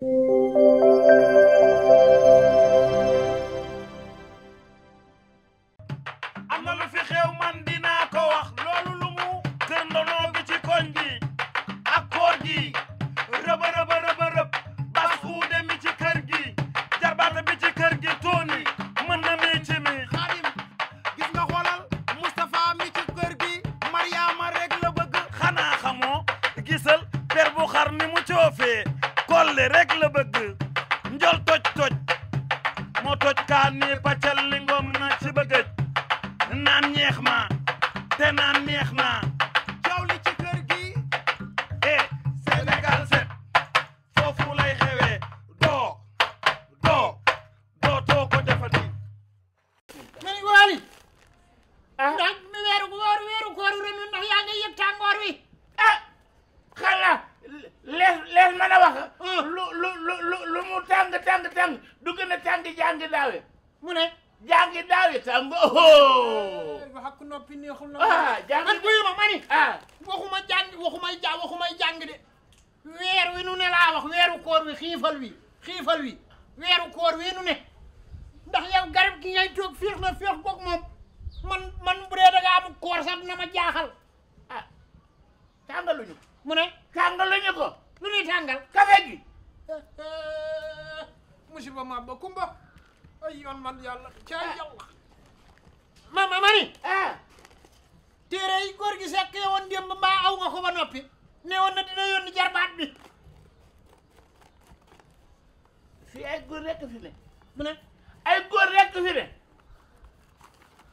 thank you doole rek la bëgg njol toj toj moo toj kaan ni tàng tàng tàng du gën a tàng jàngi daawe mu ne jàngi daawe tàng oo hakku noppi neexul na ah jàngi bu yuma mani ah waxuma jàngi waxuma ja waxuma jàngi de weer wi nu ne laa wax weeru koor wi xiifal wi xiifal wi weeru koor wi nu ne ndax yow garab gi ngay toog féex na féex boog moom man man bu dee da ngaa am koor sax dina ma jaaxal ah tàngaluñu mu ne tàngaluñu ko lu ñuy tàngal kafe gi musiba ma ba kumba ay yoon man yàlla ca eh. yàlla mama mani eh. téere yi góor gi sekk woon démb mbaa aw nga ko ba noppi ne woon na dina yónni jarbaat bi fii ay góor rekk fi ne mu ay góor rekk fi ne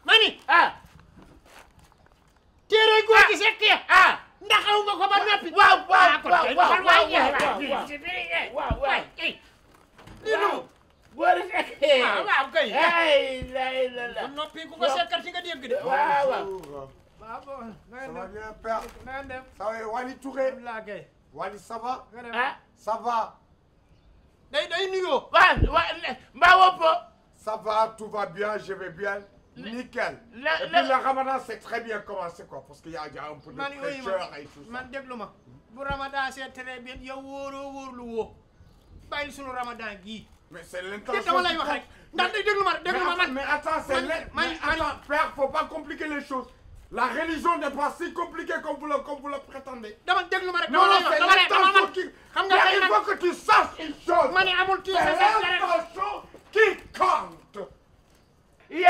mani ah eh. téere yi góor gi sekk ah ndaxaw nga ko ba noppi. waaw waaw waaw waaw waaw waaw waaw waaw góor yi fekk. waaw waaw kay. ay la la. noppi ku ko seetal ci nga dégg de. waaw waaw. waaw bon. ça va bien père. na dem. ça va Wally Touré. Wally ça va. ah ça va. day day nuyoo. waaw wa Mbaa Wopo. ça va tout va bien je vais bien. nickel. la la et puis la Ramadan c'est très bien commencé quoi parce que y a un peu de fraîcheur man déglu bu Ramadan c'est très bien yow wóoroo wóorlu woo bàyyil Ramadan gii. mais c'est l'intention dama lay wax rek ndax déglu ma mais attends c'est mais attends faut pas compliquer les choses. la religion n'est pas si compliquée comme vous le prétendez. dama déglu ma rek dama lay wax dama lay dama man xam nga faut que tu saches une chose. ma ne amul tuuti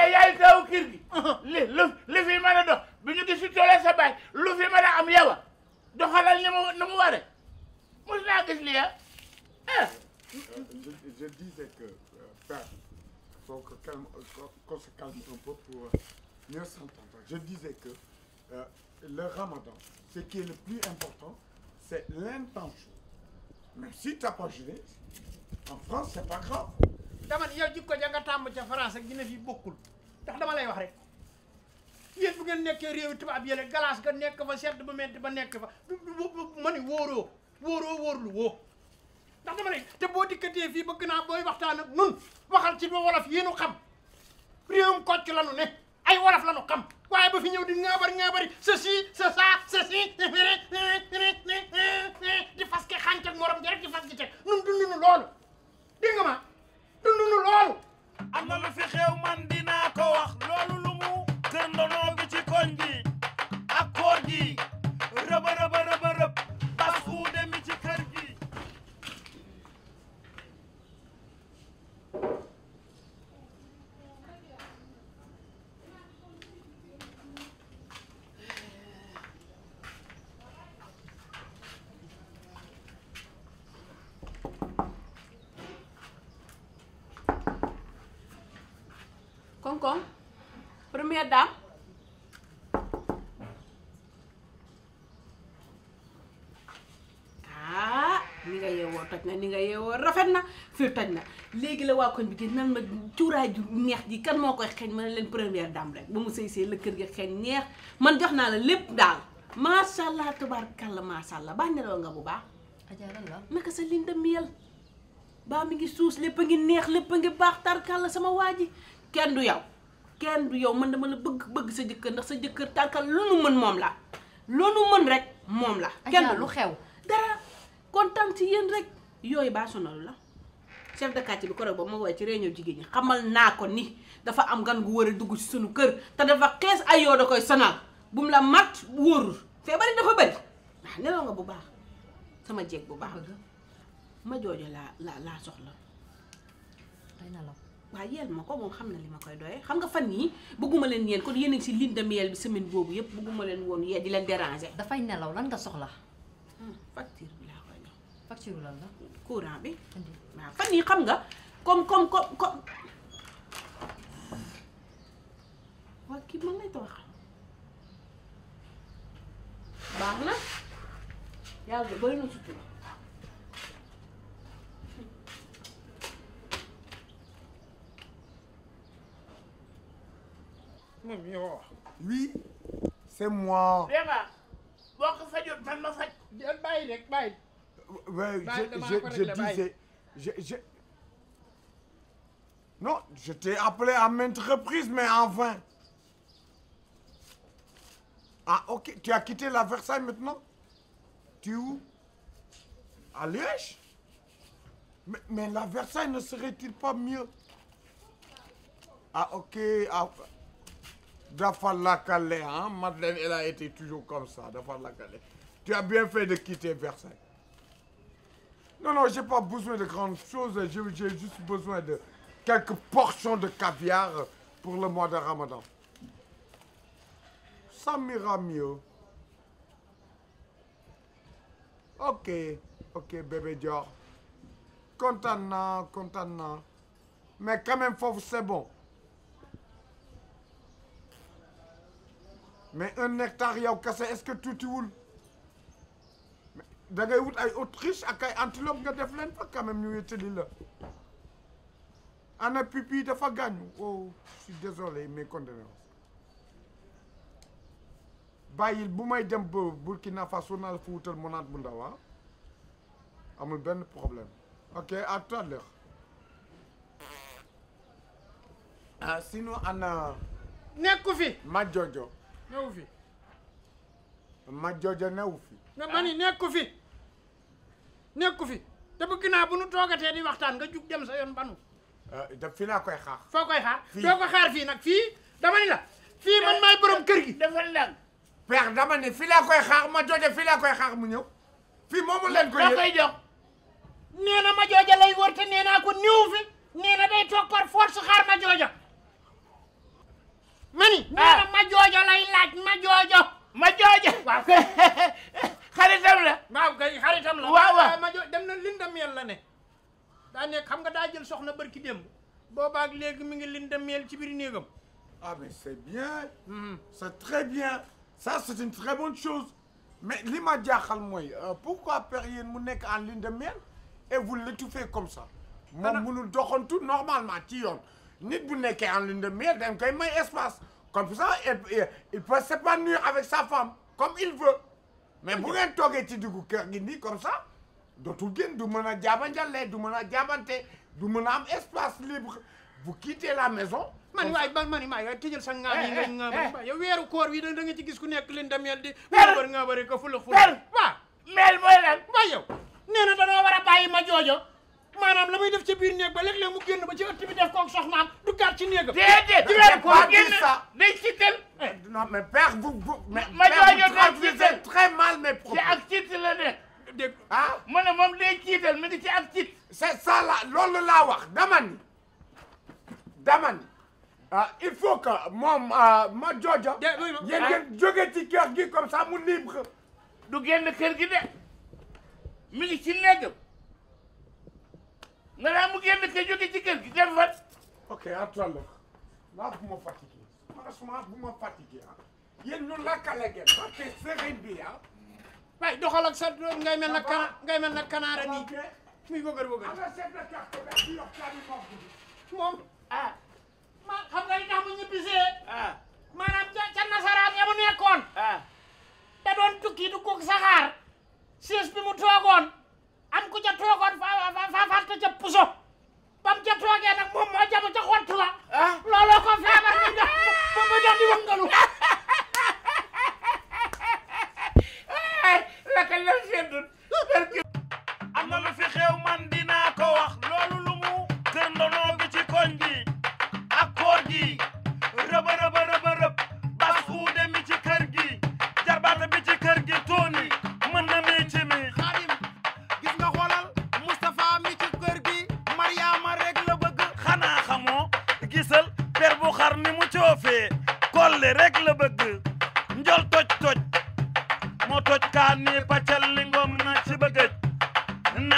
yaay yaay taw kër gi. Uh-huh. li lu li fi mën a dox bi ñu gis toolee sa baay lu fi mën a am yawa doxalal ni mu ni mu waree mos naa gis lii ah. ah. je disais que euh, père il faut que calme qu'on se calme un peu pour euh, mieux s'entendre je disais que euh, le ramadan ce qui est le plus important c'est l'intention même si t'as pas jeûné en France c'est pas grave dama yow jikko ja nga tàmm ca France ak Guinée fi bokkul ndax dama lay wax rek yéen bu ngeen nekkee réewi tubaab yële galaas ga nekk fa sedd ba metti ba nekk fa ma ni wóoroo wóoroo wóorlu woo ndax dama lay te boo dikkatee fii bëgg naa booy waxtaan ak nun waxal ci ba wolof yéenu xam réewum kocc la nu ne ay wolof la nu xam waaye ba fi ñëw di ŋaabar ŋaabari ceci c'est ça ceci di fas ke xànc ak morom rek di fas gi teg nun dund nu loolu koŋ-koŋ première dame ah ni nga yeewoo toj na ni nga yeewoo rafet na fii toj na léegi la waa koñ bi gën nan ma cuuraay ju neex ji kan moo koy xeeñ ma ne leen première dame rek ba mu sëy sëy la kër gi xeeñ neex man jox naa la lépp daal macha allah tabaarkalla macha allah nelaw nga bu baax. naka sa liñ dem yel ngi suus lépp a ngi neex lépp a ngi baax tarkalla sama waa ji kenn du yow kenn du yow man dama la bëgg bëgg sa jëkkër ndax sa jëkkër tàkkal lu nu mën moom la loolu nu mën rek moom la kenn lu xew dara tam ci yéen rek yooyu baa sonalu la chef de quartier bi korek ba ma woowee ci réunion jigéen ñi xamal naa ko ni dafa am gan gu war a dugg ci sunu kër te dafa xees ay yoo da koy sonal bu mu la matt wóorul feebar yi dafa bëri waaw nelaw nga bu baax sama jeeg bu baax ma joojo laa laa soxla waaw yeel ma ko moom xam na li ma koy doyee xam nga fan yii bëgguma leen yéen kon yéen si ligne de miel bi semaine boobu yëpp bëgguma leen woon yee di leen déranger. dafay nelaw lan nga soxla. Hmm, facture bi laa koy jox. facture la. courant bi. waaw fan yii xam nga comme comme comme comme. kii mën nañu ko wax. baax na yàlla de bëri na sutura. oui c'est moi. dégg nga boo ko fajul man je je je je. non je t'ai appelé à maintes mais en vain. ah ok tu as quitté la Versailles maintenant. tu es où? à Liège. mais mais ne serait-il pas mieux. ah ok ah. dafa la ah Madeleine elle a été toujours comme ça dafa lakkale tu as bien fait de quitter Versailles non non j'ai pas besoin de grandes choses j'ai juste besoin de quelques portions de caviar pour le mois de Ramadan ça m'ira mieux ok ok bébé Dior kontaan naa mais quand même foofu c'est bon mais un hectare yow kese est que tuutiwul da ngay wut ay autruche ak antilope nga def leen fa quand même ñu wétali ana pipi dafa gaañu oh je suis désolé mes condoléances bàyyil bu may dem ba Burkina Faso naa la wutal monade bu ndaw ah. benn problème ok à tout ah, sinon ana nekku fi ma jojo ma jooja newu fi na ma ni nekku fi nekku fi te bëgg naa bu nu toogatee di waxtaan nga jug dem sa yoon banu eh, da fi laa koy xaar foo koy xaar doo ko xaar fii nag fii dama ni la fii man maay borom kër gi dafa dama ni fi laa ma jooja fi laa mu ñëw fii moomu leen ko yëg koy ma jooja lay wër te boobaak léegi mi ngi leen dem meel ci biir néegam ah mais c'est bien mm-hmm. c'est très bien ça c'est une très bonne chose mais li ma jaaxal mooy euh, pourquoi père yéen mu nekk en lune de miel et vous l'étouffez comme ça moom mënul doxantu normalement ci yoon nit bu nekkee en lune de miel dañ koy may espace comme ça il peut s'épanouir avec sa femme comme il veut mais bu ngeen toogee ci diggu kër gi nii comme ça dootul génn du mën a jaabanjalee du mën a jaabante du mën a am espace libre vous quittez la maison. man waay man man maa yow tëjal sa ngaam yi eh, nga ngaam eh, eh. yow da nga ci gis ku nekk leen demel di. per per nga bëri ko fula a bàyyi ma joojo maanaam la muy def ci biir néeg ba léeg-léeg mu génn ba ci ëtt bi def koog soxnaam du gàtt ci néegam. déedéet weeru koor ma joojo ci ak cit la nekk. dégg ah? ci c'est ça la loolu laa wax dama ni. dama ni ah euh, a faut que moom euh, ma jooja. jërëjëf yéen ngeen jóge ci gi comme ça mu libre. du génn kër gi de mi ngi ci nga daa mu génn kër jóge ci kër gi dem fa. ok attends maa bu ma fatigué franchement bu ma fatigué ah yéen ñu lakkale ngeen parce que sëriñ bi ah. waaye doxal ak sa doom ngay mel na kana ngay mel na kanaara nii muy bëgër bëgër. moom. ah ma xam nga li tax mu ñibbisee ah maanaam ca nasaraan ya mu nekkoon ah da doon tukki du kuk saxaar siis bi mu toogoon am ku ca toogoon fa fa fàtte ca puso bam ca toogee nag moom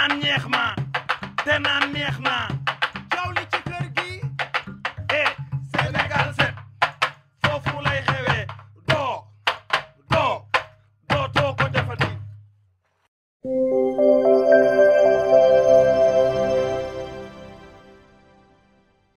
naan ñeex ma te naan neex naa